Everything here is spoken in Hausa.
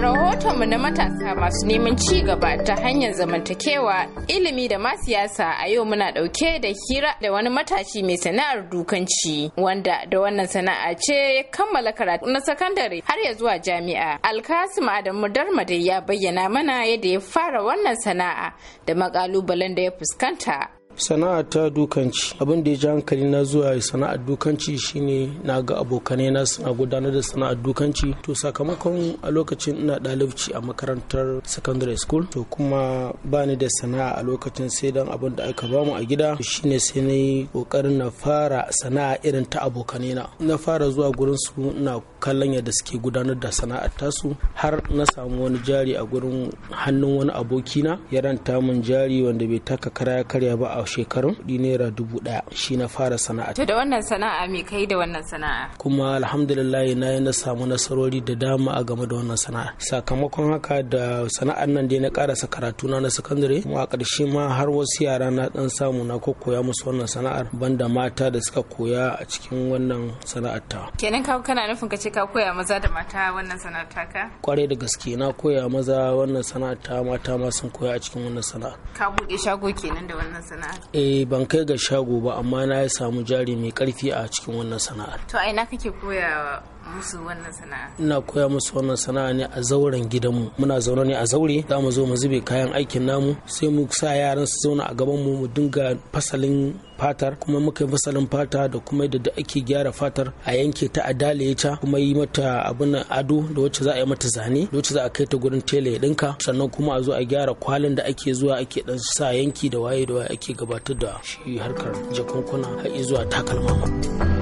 rahotonmu na matasa masu neman ci gaba ta hanyar zamantakewa ilimi da ma siyasa a yau muna dauke da hira da wani matashi mai sana'ar dukanci wanda da wannan sana'a ce ya kammala karatu na sakandare har ya zuwa jami'a alkasim adamu darmade ya bayyana mana yadda ya fara wannan sana'a da makalubalen da ya fuskanta sana'a ta dukanci abin da ya ji hankali na zuwa sana'ar dukanci shine na ga abokanai na suna gudanar da sana'ar dukanci to sakamakon a lokacin ina ɗalibci a makarantar secondary school to kuma bani da sana'a a lokacin sai dan abin da aka bamu a gida shine sai na yi kokarin na fara sana'a irin ta abokanai na na fara zuwa gurin su ina kallon yadda suke gudanar da sana'ar tasu har na samu wani jari a gurin hannun wani abokina ya ranta min jari wanda bai taka kara ya karya ba a shekarun di naira dubu ɗaya shi na fara sana'a. To da wannan sana'a me kai da wannan sana'a? Kuma alhamdulillah na yi na samu nasarori da dama a game da wannan sana'a. Sakamakon haka da sana'ar nan dai na karasa karatu na na sakandare kuma a ƙarshe ma har wasu yara na ɗan samu na ko koya musu wannan sana'ar banda mata da suka koya a cikin wannan sana'ar ta. Kenan ka kana nufin ka ce ka koya maza da mata wannan sana'ar ta ka? Kwarai da gaske na koya maza wannan sana'ar ta mata ma sun koya a cikin wannan sana'ar. Ka buɗe shago kenan da wannan sana'ar. sana'ar eh ban kai ga shago ba amma na samu jari mai karfi a cikin wannan sana'ar to a ina kake koyawa musu wannan sana'a ina koya musu wannan sana'a ne a zauren gidanmu muna zaune ne a zaure za mu zo mu zube kayan aikin namu sai mu sa yaran su zauna a gaban mu mu dinga fasalin fatar kuma muka yi fasalin fata da kuma yadda ake gyara fatar a yanke ta a dalaye ta kuma yi mata abin ado da wacce za a yi mata zane da wacce za a kai ta gurin tela ya dinka sannan kuma a zo a gyara kwalin da ake zuwa ake dan sa yanki da waye da waye ake gabatar da shi harkar jakunkuna har zuwa takalma.